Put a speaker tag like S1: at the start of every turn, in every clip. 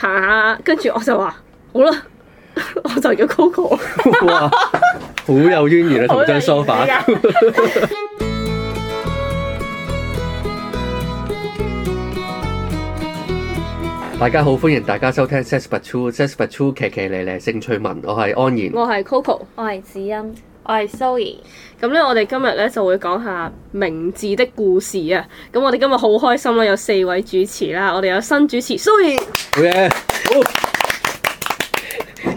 S1: 下，跟住我就話好啦，我就叫 Coco 。
S2: 哇！好有淵源啊，同張梳化。大家好，歡迎大家收聽 s 3, 2, 2, 奇奇里里《s e s p u t Too s e s p u t Too》騎騎嚟嚟性趣聞，我係安然，我
S1: 係 Coco，我係梓欣。我係 Zoie，咁咧我哋今日咧就會講下名字的故事啊！咁我哋今日好開心啦，有四位主持啦，啊，我哋有新主持 Zoie，好嘢，好。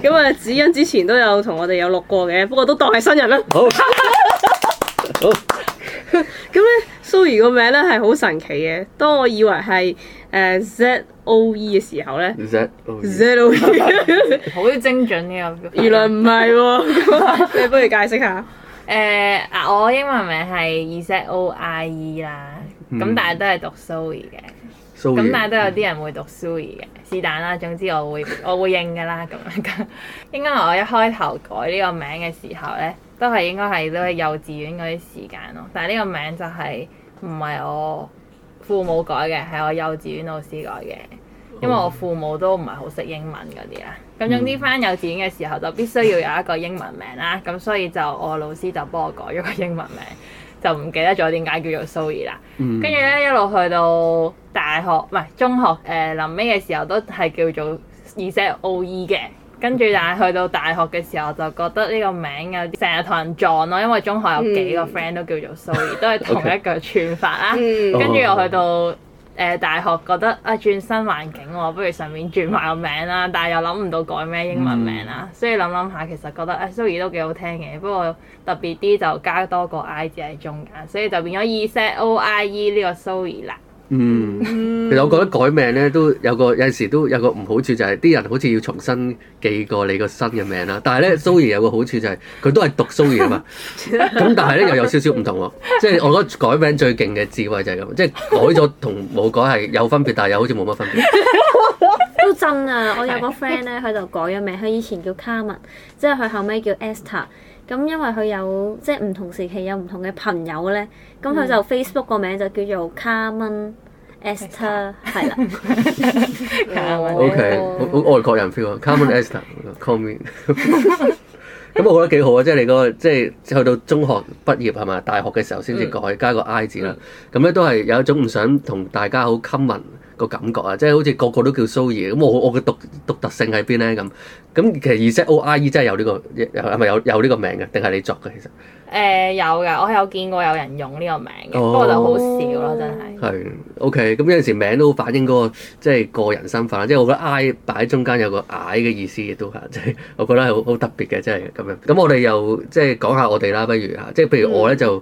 S1: 咁啊，梓欣之前都有同我哋有錄過嘅，不過都當係新人啦。
S2: 好，
S1: 好。咁咧，Zoie 個名咧係好神奇嘅，當我以為係。誒、uh, Z O E 嘅時候咧，Z O E 好 精準呢個， 原來唔係喎， 你不如解釋下？
S3: 誒啊！我英文名係 Z O I E 啦，咁、嗯、但係都係讀 Sue 嘅，
S2: 咁、so e? 但係都有
S3: 啲人會讀 Sue 嘅，是但 啦。總之我會我會認噶啦，咁樣噶。 應該我一開頭改呢個名嘅時候咧，都係應該係都係幼稚園嗰啲時間咯。但係呢個名就係唔係我父母改嘅，係我幼稚園老師改嘅，因為我父母都唔係好識英文嗰啲啦。咁總之返、嗯、幼稚園嘅時候就必須要有一個英文名啦，咁所以就我老師就幫我改咗個英文名，就唔記得咗點解叫做 Sue o 啦。跟住咧一路去到大學唔係中學，誒臨尾嘅時候都係叫做 Zoie 嘅。跟住但係去到大學嘅時候就覺得呢個名有啲成日同人撞咯，因為中學有幾個 friend 都叫做 Zoe，都係同一句串法啦。Okay. 跟住又去到誒、呃、大學，覺得啊轉新環境，不如順便轉埋個名啦。但係又諗唔到改咩英文名啦，嗯、所以諗諗下其實覺得誒、哎、Zoe 都幾好聽嘅，不過特別啲就加多個 I 字喺中間，所以就變咗 Z O I E 呢個 Zoie 啦。
S2: 嗯，其實我覺得改名咧都有個有陣時都有個唔好處，就係、是、啲人好似要重新記過你個新嘅名啦。但係咧，蘇 y 有個好處就係、是、佢都係讀 o 怡啊嘛。
S4: 咁但係咧又有少
S2: 少唔同喎、啊，即、就、係、是、我覺得改名最勁嘅智慧就係咁，即、就、係、是、改咗同冇改係有分別，但係又好似冇乜分別。
S4: 都真啊！我有個 friend 咧，佢就改咗名，佢以前叫卡文，即係佢後尾叫 Esther。咁因為佢有即係唔同時期有唔同嘅朋友咧，咁佢就 Facebook 個名就叫做卡文。Esther 係啦，OK，好
S2: 好外國人 feel，common Esther，call me。 咁 我覺得幾好啊，即係你個即係去到中學畢業係咪？大學嘅時候先至改、um, 加個 I 字啦。咁咧都係有一種唔想同大家好 common。個感覺啊，即係好似個個都叫 Zoie 咁，我我嘅獨獨特性喺邊咧？咁咁其實 Zoie 真係有呢、這個，有係咪有有呢個名嘅？定係你作嘅？其實
S3: 誒有嘅，我有見過有人用呢個名嘅，哦、不過就好少
S4: 咯，真係。
S2: 係 OK，咁有陣時名都反映嗰、那個即係、就是、個人身份啦。即、就、係、是、我覺得 I 擺喺中間有個 I 嘅意思，亦都係即係我覺得係好好特別嘅，即係咁樣。咁我哋又即係、就是、講下我哋啦，不如啊，即、就、係、是、譬如我咧就。嗯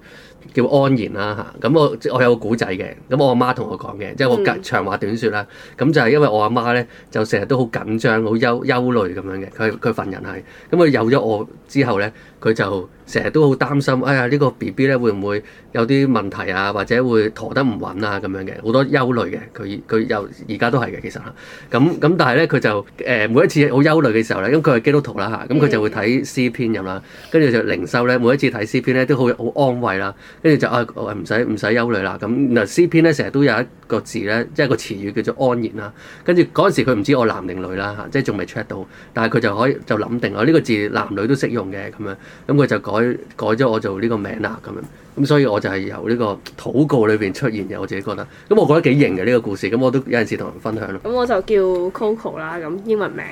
S2: 叫安然啦嚇，咁我我有個古仔嘅，咁我阿媽同我講嘅，即係、嗯、我長話短說啦，咁就係因為我阿媽咧，就成日都好緊張，好憂憂慮咁樣嘅，佢佢份人係，咁佢有咗我之後咧。佢就成日都好擔心，哎呀呢個 BB 咧會唔會有啲問題啊，或者會陀得唔穩啊咁樣嘅，好多憂慮嘅。佢佢又而家都係嘅，其實啦。咁咁但係咧，佢就誒每一次好憂慮嘅時候咧，因為佢係基督徒啦嚇，咁佢就會睇詩篇咁啦，跟住就靈修咧，每一次睇詩篇咧都好好安慰啦，跟住就啊唔使唔使憂慮啦。咁嗱詩篇咧成日都有一個字咧，即係個詞語叫做安然啦。跟住嗰陣時佢唔知我男定女啦嚇，即係仲未 check 到，但係佢就可以就諗定啊呢個字男女都識用嘅咁樣。咁佢、嗯、就改改咗我做呢個名啦，咁樣，咁、嗯、所以我就係由呢個禱告裏邊出現嘅，我自己覺得。咁、嗯、我覺得幾型嘅呢個故事，咁、嗯、我都有陣時同人分享。咁
S1: 我就叫 Coco 啦，咁英文名。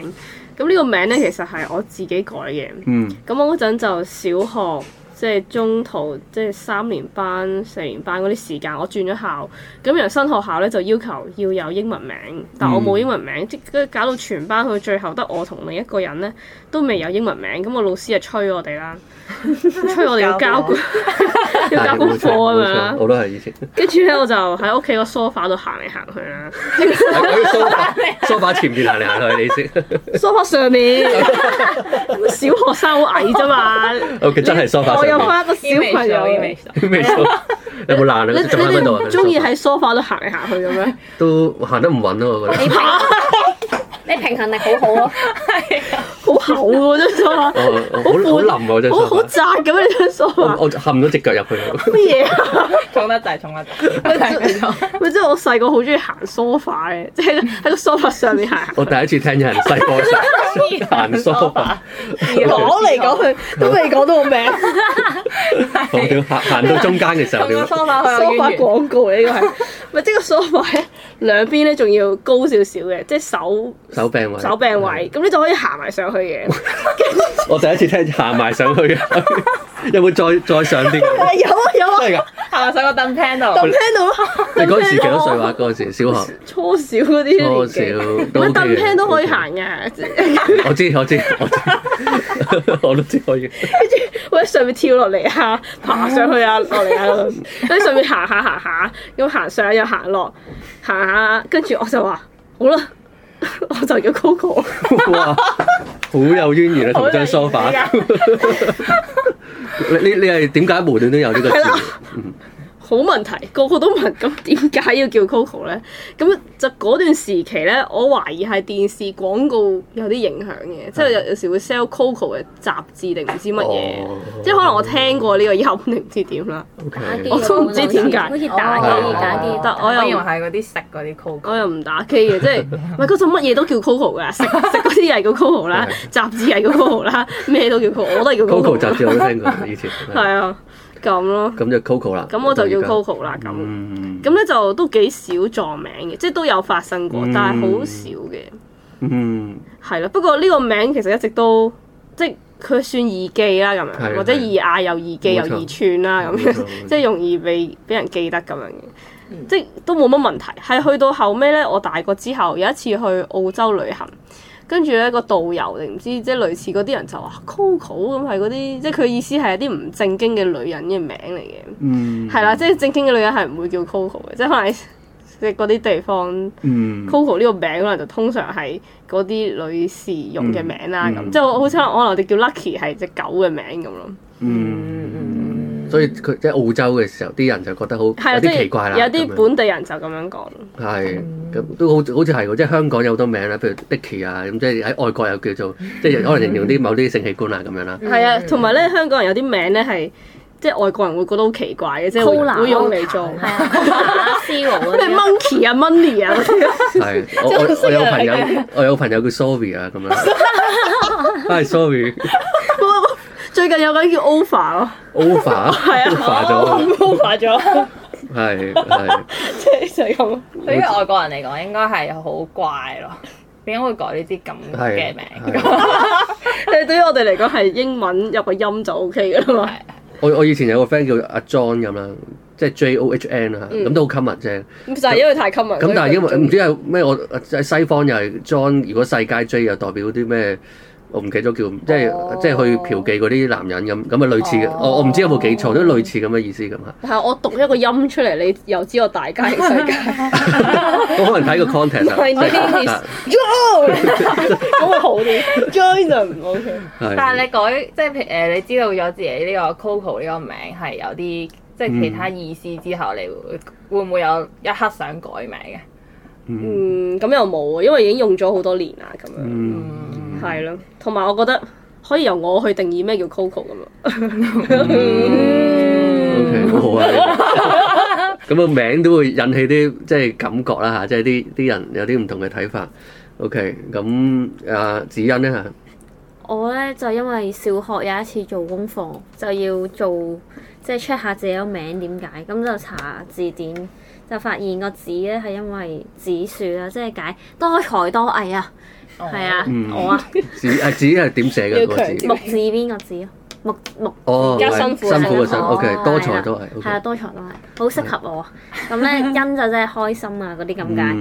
S1: 咁呢個名咧，其實係我自己改嘅。嗯。咁我嗰陣就小學。即係中途，即係三年班、四年班嗰啲時間，我轉咗校，咁然後新學校咧就要求要有英文名，但我冇英文名，即係搞到全班去最後得我同另一個人咧都未有英文名，咁個老師就催我哋啦，催我哋交，要
S2: 交功課咁樣啦。我都係以前。
S1: 跟住咧，我就喺屋企個 sofa 度行嚟行去啦。
S4: 係喺 sofa
S2: 度，sofa 前面行嚟行去，你識
S1: ？sofa 上面，小學生好矮啫嘛。
S2: OK， 哦、真係 sofa。 又翻一個小朋友嘅味道， 你有冇鬧你都，你你都中意
S1: 喺 sofa 度行嚟行
S2: 去咁樣？都行得唔穩咯，我覺得,我得。
S1: 你平衡力好好啊！係啊，好厚喎，張梳
S2: 化，好腍喎，張梳化，好
S1: 窄咁樣張梳化，
S2: 我冚咗隻腳入去。乜嘢啊？衝
S1: 得大，衝得大。唔係咪即係我細個好中意行 sofa 嘅，即係喺個 sofa 上面行。
S2: 我第一次聽有人細個行 sofa，
S1: 講嚟講去都未講到名。
S2: 我屌行到中間嘅時候，個
S1: sofa，sofa 廣告呢個係咪即係個 sofa？兩邊咧仲要高少少嘅，即係手
S2: 手柄位，手
S1: 柄位咁你就可以行埋上去嘅。
S2: 我第一次聽行埋上去，有冇再再上啲？有啊有啊，真係㗎，行
S1: 埋上個凳 pan 度。登 pan 咯。你嗰時幾多碎話？
S2: 嗰時小學
S1: 初小嗰啲，初小都凳 pan 都可以行㗎。
S2: 我知我知我知，我都知可以。跟
S1: 住會喺上面跳落嚟啊，爬上去啊，落嚟啊，喺上面行下行下，咁行上又行落。嚇！跟住、啊、我就話好啦，我就叫 Coco
S2: 哇！好有淵源啊，同張梳化。 你你你係點解無端都有呢個字？了
S1: 好問題，個個都問，咁點解要叫 Coco 咧？咁就嗰段時期咧，我懷疑係電視廣告有啲影響嘅，即係有有時會 sell Coco 嘅雜誌定唔知乜嘢，即係可能我聽過呢個音定唔知點啦，
S4: 我都唔知點解。好似打機
S1: 打啲得，我又以為係嗰啲食嗰啲 Coco，我又唔打機嘅，即係唔係嗰陣乜嘢都叫 Coco 嘅，食食嗰啲又係個 Coco 啦，雜誌又係個 Coco 啦，咩都叫 Coco，我都係叫 Coco 雜誌，好聽過以前。係啊。咁咯，咁
S2: 就 Coco 啦，咁我就叫 Coco 啦。咁，咁
S1: 咧樣、mm hmm. 就都幾少撞名嘅，即係都有發生過，mm hmm. 但係好少嘅。嗯、mm，係、hmm. 啦。不過呢個名其實一直都，即係佢算易記啦，咁樣是的 或者易嗌又易記又易串啦，咁樣錯 即係容易被俾人記得咁樣嘅，嗯、即係都冇乜問題。係去到後尾咧，我大個之後有一次去澳洲旅行。跟住咧，個導遊定唔知，即係類似嗰啲人就話 Coco 咁係嗰啲，即係佢意思係一啲唔正經嘅女人嘅名嚟嘅，係啦、嗯，即係正經嘅女人係唔會叫 Coco 嘅，即可能即係嗰啲地方、嗯、
S4: Coco
S1: 呢個名可能就通常係嗰啲女士用嘅名啦咁，嗯嗯、那即係好似可能我哋叫 Lucky 係隻狗嘅名咁咯。
S2: 所以佢即係澳洲嘅時候，啲人就覺得好有啲奇怪啦。有啲本
S1: 地人就咁樣講。
S2: 係咁都好好似係喎，即係香港有好多名咧，譬如 Dicky 啊，咁即係喺外國又叫做即係可能形容啲某啲性器官啊咁樣啦。
S1: 係啊，同埋咧香港人有啲名咧係即係外國人會覺得好奇怪嘅，即係好難會用嚟做咩 Monkey 啊 Money 啊。
S2: 係我我有朋友，我有朋友叫 Sawyer 啊咁樣。
S1: Hi Sawyer。最近有個叫 OFA 咯
S2: ，OFA，係啊，OFA 咗，OFA 咗，係了，即
S1: 係 是 就咁。對於外國人嚟講，應該係好怪咯，點解會改呢啲咁嘅
S2: 名？
S1: 即係 對於我哋嚟講，係英文入個音就 O K 嘅喇嘛。
S2: 我我以前有個 friend 叫阿 John 咁樣，即係 J O H N 啦，嗯，咁都好 common 啫，
S1: 就係因為太 common。咁但係因為唔
S2: 知係咩，我喺西方又係 John，如果世界 J 又代表啲咩？我唔記得叫，即係即係去嫖妓嗰啲男人咁，咁啊類似嘅，oh, 我我唔知有冇記錯，都類似咁嘅意思咁，但
S1: 係我讀一個音出嚟，你又知道大家嘅世
S2: 界。 我可能睇個 content 啊，
S1: 咁會好啲。Join OK.
S3: 但係你改，即係誒，你知道咗自己呢個 Coco 呢個名係有啲即係其他意思之後，你會唔會
S1: 有一刻想改名嘅？Mm. 嗯，咁又冇，因為已經用咗好多年啦，咁
S4: 樣。Mm.
S1: 係咯，同埋、嗯、我覺得可以由我去定義咩叫 Coco 咁咯。
S4: OK，
S2: 好啊。咁個名都會引起啲即係感覺啦吓，即係啲啲人有啲唔同嘅睇法。OK，咁啊，梓欣呢？
S4: 我呢就因為小學有一次做功課，就要做即係 check 下自己個名點解，咁就查字典就發現個字呢係因為梓樹啦，即係解多才多藝啊。係啊，我啊，梓啊
S2: 梓係點寫嘅個梓？木
S4: 字邊個梓咯？木木
S2: 加辛苦嘅辛苦。O K. 多才都係，係啊，多
S4: 才都係，好適合我。咁咧，因就真係開心啊嗰啲咁解。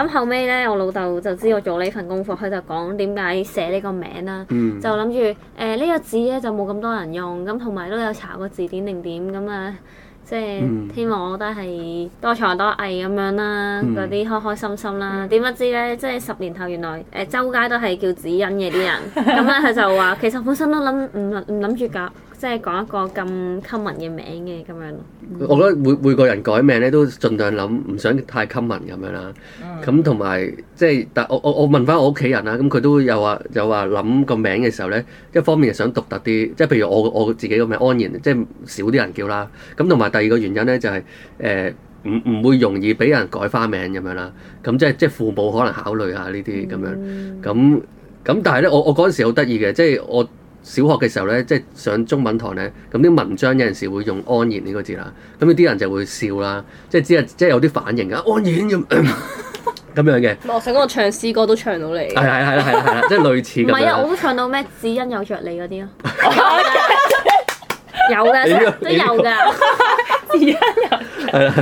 S4: 咁後尾咧，我老豆就知我做呢份功課，佢就講點解寫呢個名啦？就諗住誒呢個梓咧就冇咁多人用，咁同埋都有查過字典定點咁啊。即係、嗯、希望，我覺得係多才多藝咁樣啦，嗰啲、嗯、開開心心啦。點、嗯、不知呢？即係十年後原來誒、呃、周街都係叫梓欣嘅啲人，咁咧佢就話其實本身都諗唔唔諗住夾。即係講一個咁 common 嘅名嘅
S2: 咁樣，我覺得每每個人改名咧都盡量諗，唔想太 common 咁樣啦。咁同埋即係，但係我我我問翻我屋企人啦，咁佢都有話有話諗個名嘅時候咧，一方面係想獨特啲，即係譬如我我自己個名安然，即係少啲人叫啦。咁同埋第二個原因咧就係誒唔唔會容易俾人改花名咁樣啦。咁即係即係父母可能考慮下呢啲咁樣。咁咁但係咧，我我嗰陣時好得意嘅，即係我。小學嘅時候咧，即係上中文堂咧，咁啲文章有陣時會用安然呢個字啦，咁有啲人就會笑啦，即係只係即係有啲反應嘅，安然咁咁樣嘅。我成日
S1: 講我唱詩歌都唱到你，係
S2: 係係啦係啦係啦，即係類似唔係 啊，我都
S4: 唱到咩？只因有著你嗰啲啊，有啦，都有㗎，只
S2: 因麼有。係啦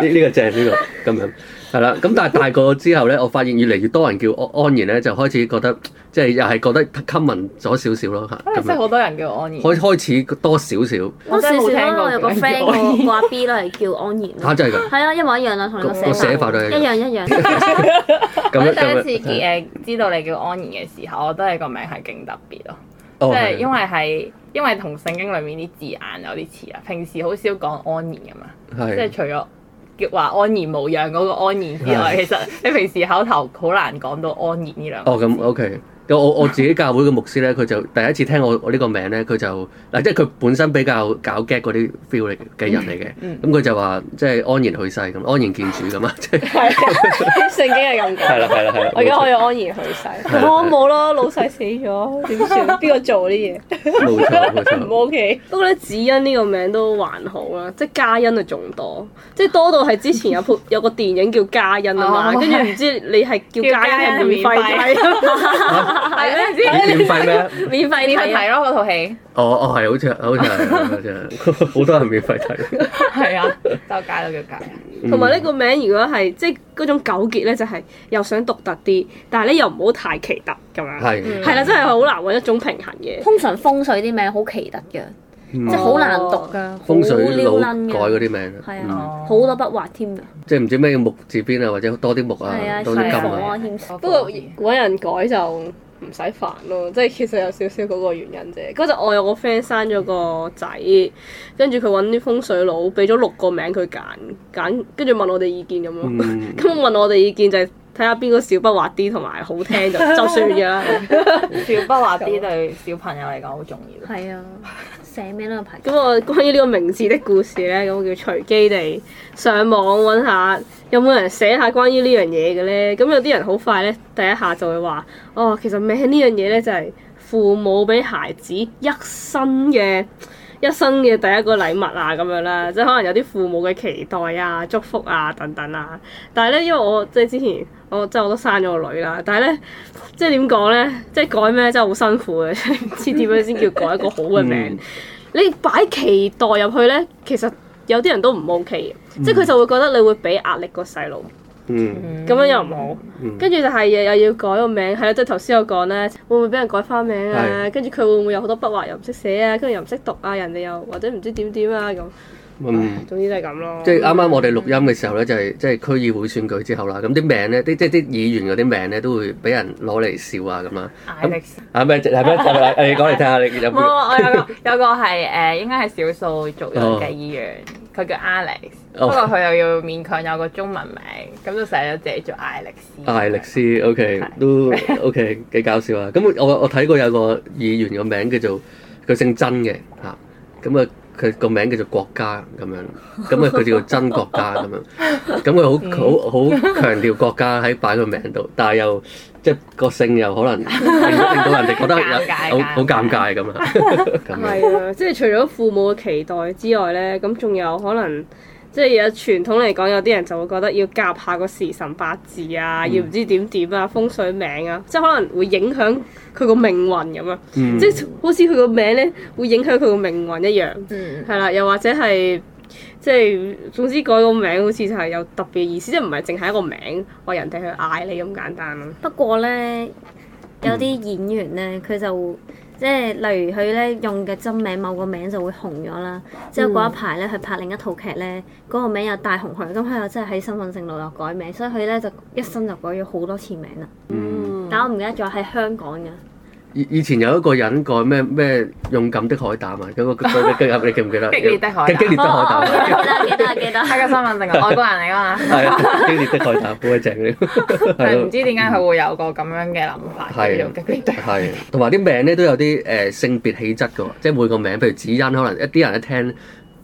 S2: 呢呢個正呢個咁，呢個呢個樣。係啦，咁但係大個之後咧，我發現越嚟越多人叫安然咧，就開始覺得即係又係覺得 common 咗少少咯嚇。即係
S3: 好多人叫
S4: 安
S2: 然，可以開始多少少。多少少啦，我有個 friend
S4: 掛 B 都係叫安然。嚇真係㗎！啊，一模一樣啊，同個寫法都一樣一
S2: 樣。我第一次見
S3: 知道你叫安然嘅時候，我都係個名係勁特別咯，
S2: 即係因為
S3: 係因為同聖經裡面啲字眼有啲似啊。平時好少講安然㗎嘛，即係除咗。話安然無恙嗰個安然之外， 其實你平時口頭好難講到
S2: 安然呢兩個字，oh, OK。我我自己教會嘅牧師咧，佢就第一次聽我我呢個名咧，佢就嗱，即係佢本身比較搞 gag 嗰啲 feel 嘅人嚟嘅，咁佢、嗯嗯嗯、就話即係安然去世咁，安然見主咁啊，即
S1: 係聖經係咁講。係啦係啦係啦，我而家可以安然去世。我冇咯，老細死咗點算？邊個做啲嘢？冇錯
S2: 冇錯。唔
S1: OK。不過咧，梓欣呢個名都還好啦，即係嘉恩啊，仲多，即係多到係之前有有個電影叫《嘉恩》啊嘛、哦，跟住唔知你係叫嘉恩係免費。
S3: 係嗰陣時，免費咩？免
S1: 費
S2: 啲人睇咯，嗰套戲。哦哦，係，好似係，好似好似係，好多人免費睇。係啊，就
S1: 解都叫解。同埋呢個名，如果係即係嗰種糾結咧，就係又想獨特啲，但係咧又唔好太奇特咁樣。係，係啦，真係好難搵一種平衡嘅。通常風水啲名
S4: 好奇特嘅，即係好難讀噶，風水佬改嗰啲名，係啊，好多筆畫添啊。即
S2: 係唔知咩叫木字邊啊，或者多啲木啊，多啲金啊，添。
S4: 不
S1: 過搵人改就。唔使煩咯，即係其實有少少嗰個原因啫。嗰陣我有個 friend 生咗個仔，跟住佢揾啲風水佬，俾咗六個名佢揀揀，跟住問我哋意見咁咯。咁、嗯、 問我哋意見就係睇下邊個少筆畫啲同埋好聽 就算嘅啦。少筆畫啲對小朋友嚟講好重要。
S4: 係啊。 寫咩呢個
S1: 牌？咁我關於呢個名字的故事咧，咁我叫隨機地上網搵下，有冇人寫下關於呢樣嘢嘅咧？咁有啲人好快咧，第一下就會話：哦，其實名呢樣嘢咧就係父母俾孩子一生嘅。一生嘅第一個禮物啊，咁樣啦，即係可能有啲父母嘅期待啊、祝福啊等等啊。但係咧，因為我即係之前我即係我都生咗個女啦。但係咧，即係點講咧？即係改咩真係好辛苦嘅，啊，唔 知點樣先叫改一個好嘅名。嗯、你擺期待入去咧，其實有啲人都唔 OK 嘅，即係佢就會覺得你會俾壓力個細路。嗯，咁樣又唔好，跟住就係又又要改個名，係啦，即係頭先我講咧，會唔會俾人改翻名啊？跟住佢會唔會有好多筆畫又唔識寫啊？跟住又唔識讀啊？人哋又或者唔知點點啊咁，嗯，總之都係咁咯。即係啱啱
S2: 我哋錄音嘅時候咧，就係即係區議會選舉之後啦。咁啲名咧，啲即係啲議員嗰啲名咧，都會俾人攞嚟笑啊咁啦。Alex，啊咩？係咩？誒你講嚟聽下，你有冇？我有，
S3: 有個有個係誒，應該係少數族裔嘅議員，佢叫 Alex。哦、不過佢又要勉強有個中文名，咁就寫咗自己做艾力
S2: 斯。艾力斯，OK，都 OK，幾搞笑啊！咁我我睇過有個議員個名,、啊、名叫做佢姓曾嘅嚇，咁啊佢個名叫做國家咁樣，咁啊佢叫做曾國家咁樣，咁佢、嗯、好好好強調國家喺擺個名度，但係又即係、就是、個姓又可能令到人哋覺得有好好尷尬咁啊！係啊，即係
S1: 除咗父母嘅期待之外咧，咁仲有可能。即係有傳統嚟講，有啲人就會覺得要夾下個時辰八字啊，嗯、要唔知點點啊，風水名啊，即係可能會影響佢個命運咁啊，即係好似佢個名咧會影響佢個命運一樣，係啦，又或者係即係總之改個名，好似就係有特別意思，即係唔係淨係一個名話人哋去嗌你咁簡單。
S4: 不過咧，有啲演員咧，佢就，嗯即係例如佢咧用嘅真名某個名就會紅咗啦，之後嗰一排咧佢拍另一套劇咧，嗰、嗰個名又大紅佢，咁佢又真係喺身份證度又改名，所以佢咧就一生就改咗好多次名啦。嗯，但我唔記得咗喺香港㗎。
S2: 以前有一個人講咩咩勇敢的海膽啊，有個個個你記唔記得？激烈的海膽，激烈啲海膽，記得記得記得。喺個新聞定個外國人
S4: 嚟啊嘛，
S3: 激烈啲海
S2: 膽好鬼正嘅，係唔知
S3: 點解佢會有個咁樣嘅諗法。激烈
S2: 啲，係同埋啲名咧都有啲誒、呃、性別氣質嘅，即係每個名，譬如梓欣，可能一啲人一聽，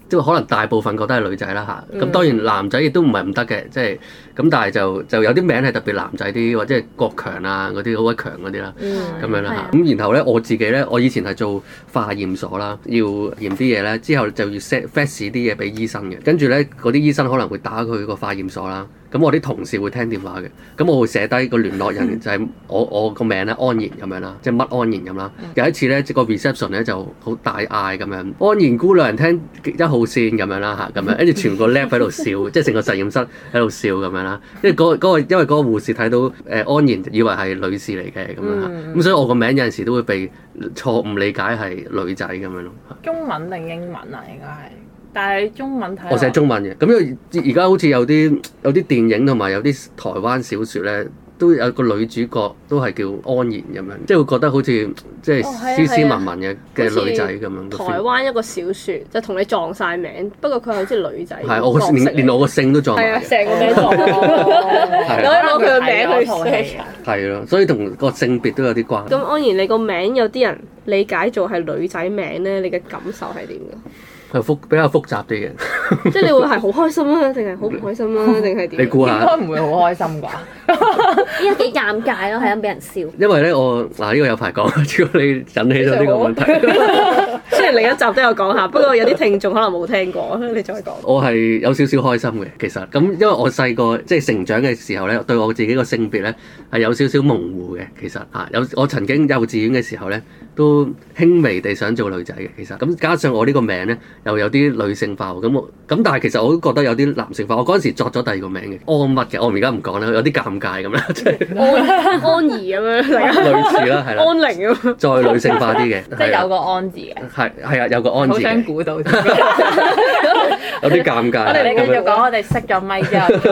S2: 即係可能大部分覺得係女仔啦嚇，咁、啊、當然男仔亦都唔係唔得嘅，即係。咁但係就就有啲名係特別男仔啲，或者國強啊嗰啲好鬼強嗰啲啦，咁樣啦嚇。咁 然後咧我自己咧，我以前係做化驗所啦，要驗啲嘢咧，之後就要 set fax 啲嘢俾醫生嘅。跟住咧嗰啲醫生可能會打佢個化驗所啦。咁我啲同事會聽電話嘅。咁我會寫低個聯絡人就係、是、我我個名咧安然咁樣啦，即係乜安然咁啦。有一次咧即、這個 reception 咧就好大嗌咁樣，安然姑娘聽一號線咁樣啦嚇，咁樣跟住全個 lab 喺度笑， 即係成個實驗室喺度笑咁樣。 因為嗰、那個，因為嗰個護士睇到誒、呃、安然，以為係女士嚟嘅咁樣，咁、嗯、所以我個名有陣時都會被錯誤理解係女仔咁樣咯。
S3: 中文定英文啊？應該係，但係中文睇。我寫中
S2: 文嘅，咁因而家好似有啲有啲電影同埋有啲台灣小説咧，都有個女主角都係叫安然咁樣，即係會覺得好似即係斯斯文文嘅嘅女仔咁樣。啊啊啊、台
S1: 灣一個小説就同你撞晒名，不過佢好似女仔。係，我連我個姓都撞。係 啊，成
S4: 個
S2: 名
S1: 撞。我攞佢個名去。同
S2: 你係咯，所以同個性別都有啲關係。
S1: 咁安然，你個名有啲人理解做係女仔名咧，你嘅感受係點嘅？
S2: 又比較複雜啲嘅，即係
S1: 你會係好開心啊，定係好唔開
S4: 心啊，定係點？ 你估一下？應該唔會好開心啩？依家幾尷尬咯，係咁俾人笑。
S2: 因為咧，我嗱呢、啊呢個有排講，只要你引起咗呢個問題。
S4: 實
S1: 雖然另一集都有講下，不過有啲聽眾可能冇聽過，你
S2: 再講。我係有少少開心嘅，其實咁，因為我細個即係成長嘅時候咧，對我自己個性別咧係有少少模糊嘅，其實吓有我曾經幼稚園嘅時候咧都輕微地想做女仔嘅，其實咁加上我呢個名咧又有啲女性化喎，咁咁但係其實我都覺得有啲男性化，我嗰陣時作咗第二個名嘅安乜嘅，我而家唔講啦，有啲尷尬咁啦，即
S4: 係安安
S3: 怡咁樣類似啦，係啦，安寧咁， 再女性化啲嘅，即係有個安字嘅。
S2: 係啊，有個安字嘅。估
S3: 到，
S2: 有啲尷尬。 我哋你繼續
S3: 講，我哋熄咗咪之
S2: 後再，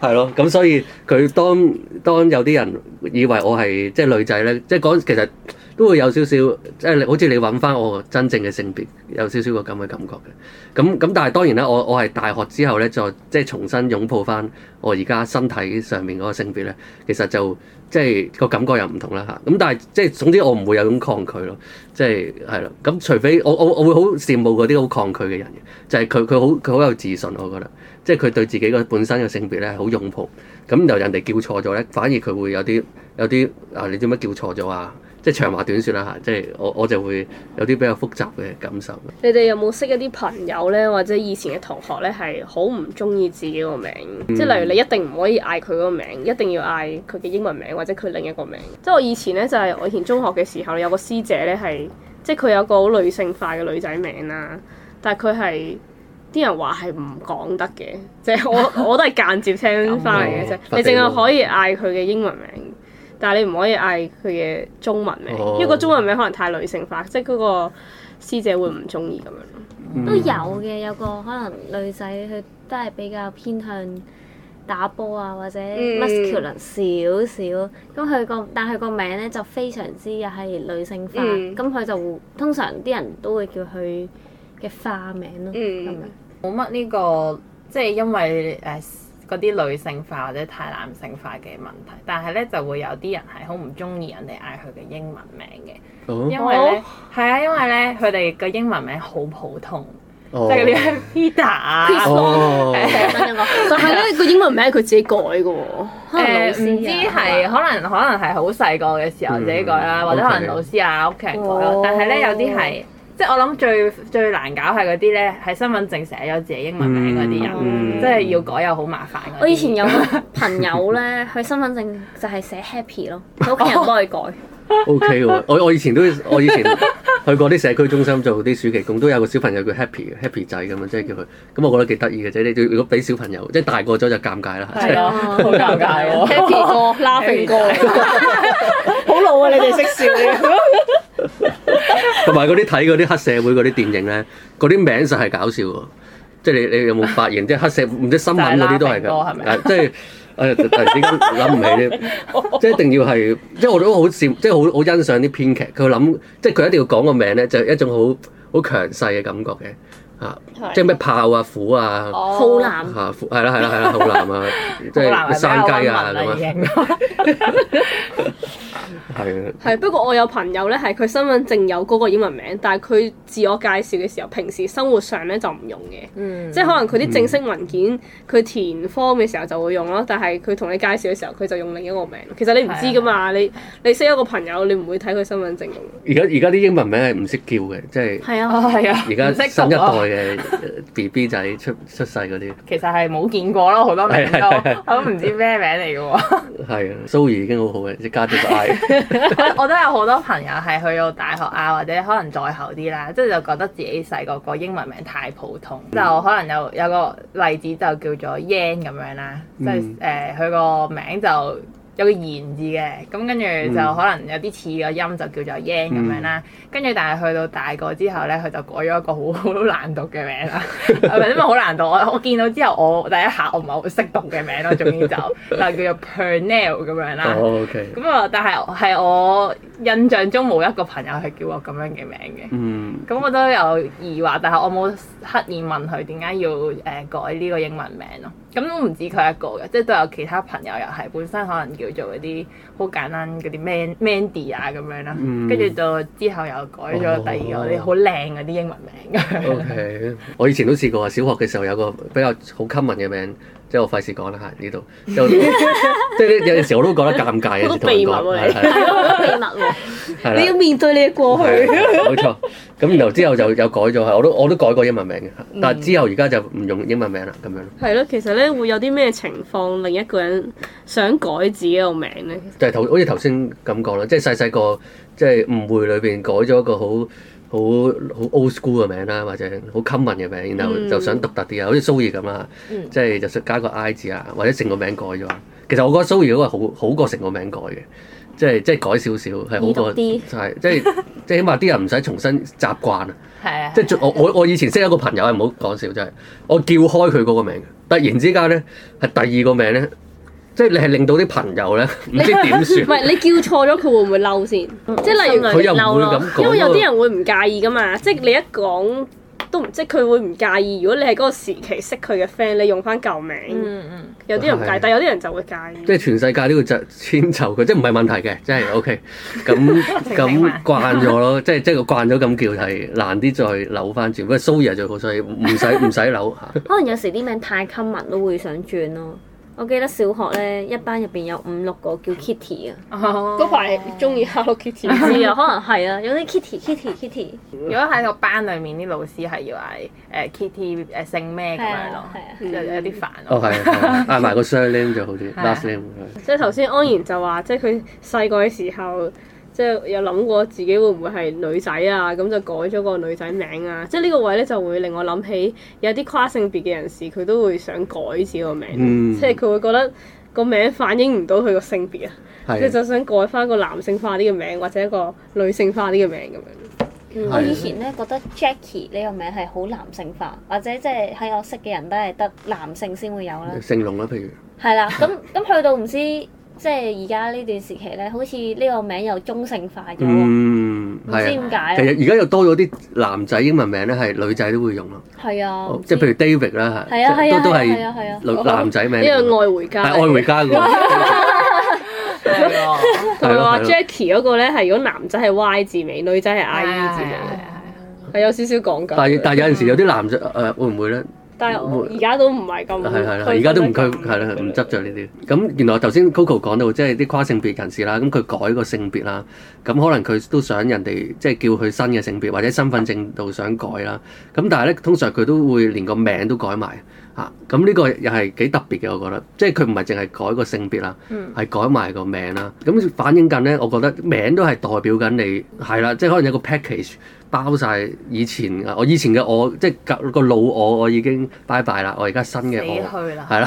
S2: 係 咯。 咁所以佢當當有啲人以為我係即係女仔咧，即係講其實。都會有少少即係好似你揾翻我真正嘅性別，有少少個咁嘅感覺嘅咁咁。但係當然啦，我我係大學之後咧，就即係重新擁抱翻我而家身體上面嗰個性別咧，其實就即係個感覺又唔同啦嚇。咁但係即係總之我唔會有種抗拒咯，即係係啦。咁除非我我我會好羨慕嗰啲好抗拒嘅人嘅，就係佢佢好佢好有自信。我覺得即係佢對自己個本身嘅性別咧好擁抱咁，然後人哋叫錯咗咧，反而佢會有啲有啲啊，你做乜叫錯咗啊？即係長話短説啦嚇，即係我我就會有啲比較複雜嘅感受。
S1: 你哋有冇識一啲朋友呢？或者以前嘅同學呢？係好唔中意自己個名？嗯、即係例如你一定唔可以嗌佢個名，一定要嗌佢嘅英文名或者佢另一個名。即係我以前呢，就係、是、我以前中學嘅時候有個師姐呢，係，即係佢有個好女性化嘅女仔名啦，但係佢係啲人話係唔講得嘅，嗯、即係我我都係間接聽翻嚟嘅啫，嗯嗯嗯、你淨係可以嗌佢嘅英文名。嗯嗯嗯嗯嗯但係你唔可以嗌佢嘅中文名，oh. 因為個中文名可能太女性化，即係嗰個師姐會唔中意咁樣。嗯、都有
S4: 嘅，有個可能女仔佢都係比較偏向打波啊，或者 muscular 少少，咁佢個但係佢個名咧就非常之又係女性化，咁佢、嗯、就通常啲人都會叫佢嘅化名咯，咁、嗯、樣冇乜呢個，
S3: 即、就、係、是、因為誒。嗰啲女性化或者太男性化嘅問題，但係咧就會有啲人係好唔中意人哋嗌佢嘅英文名嘅，
S4: 因
S3: 為咧係啊，因為咧佢哋嘅英文名好普通，
S2: 即係嗰啲
S3: Peter
S2: 啊，
S4: 但係咧
S3: 個
S1: 英文名佢自己改嘅喎，誒唔
S4: 知
S3: 係可能可能係好細個嘅時候自己改啦，或者可能老師啊屋企人改咯，但係咧有啲係。即係我諗最最難搞係嗰啲咧，係身份證寫咗自己英文
S2: 名嗰啲人，嗯，即
S4: 係要改又好麻煩。我以前有個朋友咧，佢身份證就係寫 Happy 咯，佢屋企人幫佢改。哦
S2: OK 喎，我我以前都我以前去過啲社區中心做啲暑期工，都有個小朋友叫 Happy Happy 仔咁啊，即係叫佢，咁我覺得幾得意嘅，啫。你如果俾小朋友，即係大過咗就尷尬啦。係好尷尬啊！Happy
S4: 哥，Laughing 哥，好老啊！你哋識笑
S2: 同埋嗰啲睇嗰啲黑社會嗰啲電影咧，嗰啲名實係搞笑喎，即係你你有冇發現啲黑社唔知新聞嗰啲都係嘅，係咪？即係。哎呀！突然之間諗唔起咧，即係一定要係，即係我都好笑，即係好好欣賞啲編劇。佢諗，即係佢一定要講個名咧，就係一種好好強勢嘅感覺嘅嚇，即係咩炮啊、虎啊、浩南嚇，係啦係啦係啦，浩南啊，即係山雞啊咁啊。係
S1: 啊，係不過我有朋友咧，係佢身份證有嗰個英文名，但係佢自我介紹嘅時候，平時生活上咧就唔用嘅，
S4: 即係可能佢
S1: 啲正式文件佢填 form 嘅時候就會用咯，但係佢同你介紹嘅時候，佢就用另一個名。其實你唔知噶嘛，你你識一個朋友，你唔會睇佢身份證噶嘛。而
S2: 家而家啲英文名係唔識叫嘅，即係係啊係啊，而家新一代嘅 B B 仔出出世嗰啲，
S3: 其實係冇見過咯，好多名都我都唔知咩名嚟噶喎。
S2: 係啊，蘇怡已經好好嘅，即家
S3: 我，我都有好多朋友係去到大學啊，或者可能再後啲啦，即、就、係、是、就覺得自己細個個英文名太普通，就可能有有個例子就叫做 Yan 咁樣啦，即係誒佢個名就。有個言字嘅，咁跟住就可能有啲似個音，就叫做 Yang 咁樣啦。跟住但係去到大個之後咧，佢就改咗一個好難讀嘅名啦。係咪因為好難讀？我我見到之後，我第一下我唔係好識讀嘅名咯，總之就就叫做 Pernell 咁樣啦。O K。咁啊，但係係我印象中冇一個朋友係叫我咁樣嘅名嘅。嗯。咁我都有疑惑，但係我冇刻意問佢點解要誒改呢個英文名咯。咁都唔止佢一個嘅，即係都有其他朋友又係本身可能叫。做一啲。
S2: 好簡單嗰啲 Mandy 啊咁樣啦，跟住、嗯、就之後又改咗第二個啲好靚嗰啲英文名、啊。 o、okay, K，我以前都試過啊，小學嘅時候有個比較好 common 嘅名，即係我費事講啦嚇呢度，即係 有啲時我都覺得尷尬 啊，啲同學講，係係秘密喎，你要
S1: 面對你嘅過去、啊。
S2: 冇、 啊、錯，咁然後之後就又改咗我都我都改過英文名嘅，但係之後而家就唔用英文名啦咁樣。
S1: 係咯，其實咧會有啲咩情況令一個人想改自己個名咧？就係好
S2: 似頭先咁講啦，即係細細個，即、就、係、是、誤會裏邊改咗一個好好好 old school 嘅名啦，或者好 common 嘅名，然後就想獨特啲啊，好似 s o 蘇怡咁啊，即係、mm. 就加個 I 字啊，或者成個名改咗。其實我覺得 s o 怡嗰個好好過成個名改嘅，即係即係改少少係好過啲，就係即係即係起碼啲人唔使重新習慣啊。係啊， 即係我我我以前識一個朋友啊，唔好講笑就係、是，我叫開佢嗰個名，突然之間咧係第二個名咧。即係你係令到啲朋友咧，唔知點算？唔係你
S1: 叫錯咗，佢會唔會嬲先？即係例如佢又唔會咁講，因為有啲人會唔介意噶嘛。即係你一講都唔，即係佢會唔介意。如果你係嗰個時期識佢嘅 friend，你用翻舊名，有啲人唔介意，但有啲人就會介
S2: 意。即係全世界都要就遷就佢，即係唔係問題嘅，即係 OK。咁咁慣咗咯，即係即係佢慣咗咁叫係難啲再扭翻轉。不過 Zoie 就好，所以唔使唔使扭嚇。
S4: 可能有時啲名太親密都會想轉咯。我記得小學咧，一班入邊有五六個叫 Kitty、哦、Kitty 啊，嗰排中意 Hello Kitty，唔知啊，可能係啊，有啲 Kitty，Kitty，Kitty。如果
S3: 喺個班裡面啲老師係要嗌誒 Kitty 誒姓咩咁樣咯，啊啊啊、就
S1: 有有啲煩
S3: 咯。嗯、 哦，係嗌埋
S2: 個 surname 就好啲、 啊、last name、啊。即
S1: 係頭先安然就話，嗯、即係佢細個嘅時候。即係有諗過自己會唔會係女仔啊？咁就改咗個女仔名啊！即係呢個位咧就會令我諗起有啲跨性別嘅人士，佢都會想改自己個名。嗯、即係佢會覺得個名反映唔到佢個性別啊，的即佢就想改翻個男性化呢個名或者一個女性化呢個名咁樣。
S4: 我以前咧覺得 Jackie 呢個名係好男性化，或者即係喺我識嘅人都係得男性先會有啦。
S2: 成龍啦、啊，譬如
S4: 係啦。咁咁 去到唔知。即係而家呢段時期咧，好似呢個名又中性化咁，嗯，唔
S2: 知點解。其實而家又多咗啲男仔英文名咧，係女仔都會用咯。
S4: 係啊，
S2: 即係譬如 David 啦，都都係啊，男仔名。一樣
S1: 愛回家。係愛回家嗰個。同埋話 Jacky 嗰個咧，係如果男仔係 Y 字尾，女仔係 I 字尾，係有少少講究。但係但係有陣
S2: 時有啲男仔誒會唔會咧？
S1: 但係而家都唔係咁，係係啦，而家都唔
S2: 佢係啦，唔執着呢啲咁。原來頭先 Coco 講到即係啲跨性別人士啦，咁佢改個性別啦，咁可能佢都想人哋即係叫佢新嘅性別，或者身份證度想改啦。咁但係咧，通常佢都會連個名都改埋。啊！咁呢個又係幾特別嘅，我覺得，即係佢唔係淨係改個性別啦，係、嗯、改埋個名啦。咁反映緊咧，我覺得名都係代表緊你係啦，即係可能有個 package 包晒以前嘅我，以前嘅我，即係個老我，我已經拜拜 e 啦，我而家新嘅我係啦，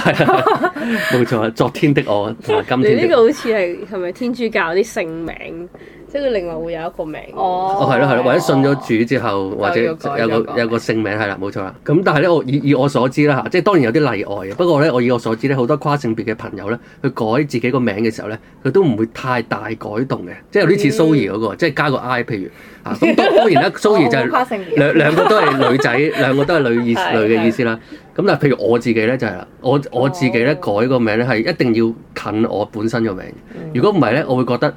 S2: 冇 錯，昨天的我同埋今天嘅我。 你呢個好似
S1: 係係咪天主教啲姓名？即係佢另外會有一個名哦，哦係咯係咯，或者信咗
S2: 主之後，或者有個有個姓名係啦，冇錯啦。咁但係咧，我以以我所知啦嚇，即係當然有啲例外嘅。不過咧，我以我所知咧，好多跨性別嘅朋友咧，去改自己個名嘅時候咧，佢都唔會太大改動嘅，即係有啲似 Zoie 嗰個，即係加個 I，譬如啊，咁當然啦，Zoie 就係跨性別，兩兩個都係女仔，兩個都係女意女嘅意思啦。咁但係譬如我自己咧就係啦，我我自己咧改個名咧係一定要近我本身個名，如果唔係咧，我會覺得，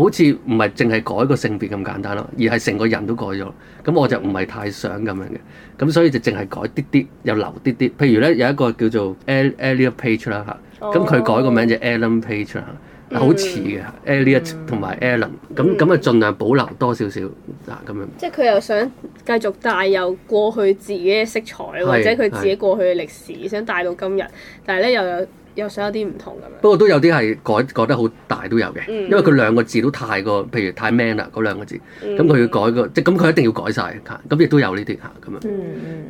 S2: 好似唔係淨係改個性別咁簡單咯，而係成個人都改咗，咁我就唔係太想咁樣嘅，咁所以就淨係改啲啲，又留啲啲。譬如咧有一個叫做 Ell Elliot Page 啦嚇、哦，咁佢改個名就 Ellen Page 啦、嗯，好似嘅 Elliot 同埋 Ellen，咁咁啊盡量保留多少少嗱咁樣。
S1: 即係佢又想繼續帶入過去自己嘅色彩，是或者佢自己過去嘅歷史，的想帶到今日，但係咧又有。又想有啲唔同咁樣，
S2: 不過都有啲係改改，改得好大都有嘅，嗯、因為佢兩個字都太過，譬如太 man 啦嗰兩個字，咁佢、嗯、要改個即係咁，佢一定要改晒，嚇，咁亦都有呢啲吓，咁樣。咁、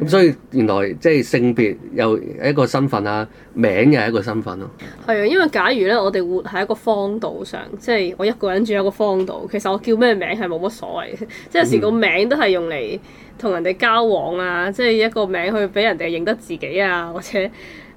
S2: 嗯、所以原來即係、就是、性別又一個身份啊，名又係一個身份咯。
S1: 係啊、嗯，因為假如咧，我哋活喺一個荒島上，即、就、係、是、我一個人住喺個荒島，其實我叫咩名係冇乜所謂，即係有時個名都係用嚟同人哋交往啊，即、就、係、是、一個名去俾人哋認得自己啊，或者。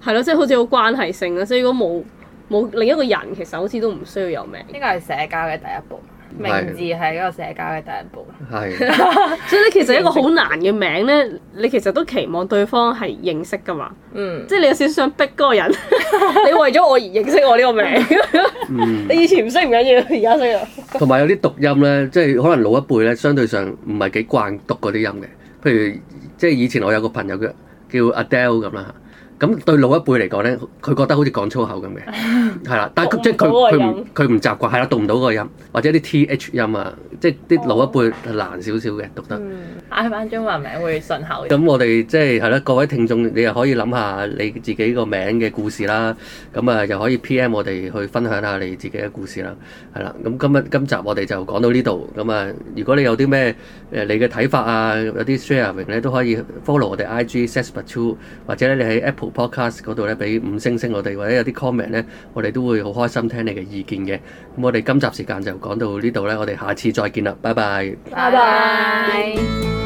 S1: 係咯，即係好似好關係性咯，所以如果冇冇另一個人，其實好似都唔需要有名。呢個係社交嘅第一步，的名字係一個社交嘅第一步。係的， 所以咧其實一個好難嘅名咧，你其實都期望對方係認識噶嘛。嗯。即係你有少少想逼嗰個人， 你為咗我而認識我呢個名。嗯、
S2: 你
S1: 以前唔識唔緊要，而家識
S2: 啦。同 埋有啲讀音咧，即係可能老一輩咧，相對上唔係幾慣讀嗰啲音嘅。譬如即係以前我有個朋友叫叫 Adele 咁啦。咁對老一輩嚟講咧，佢覺得好似講粗口咁嘅，係啦。 但係 即係佢佢唔佢唔習慣，係啦讀唔到嗰個音，或者啲 T H 音啊，即係啲老一輩難少少嘅讀得。嗌返
S3: 中文名會順口。咁
S2: 我哋即係係啦，各位聽眾，你又可以諗下你自己個名嘅故事啦。咁啊，又可以 P M 我哋去分享下你自己嘅故事啦。係啦，咁今日今集我哋就講到呢度。咁啊，如果你有啲咩誒你嘅睇法啊，有啲 sharing 咧都可以 follow 我哋 I G s e s p e t w o 或者你喺 Apple Podcast 嗰度咧，俾五星星我哋，或者有啲 comment 咧，我哋都會好開心聽你嘅意見嘅。咁我哋今集時間就講到呢度咧，我哋下次再見啦，拜拜。
S4: 拜拜。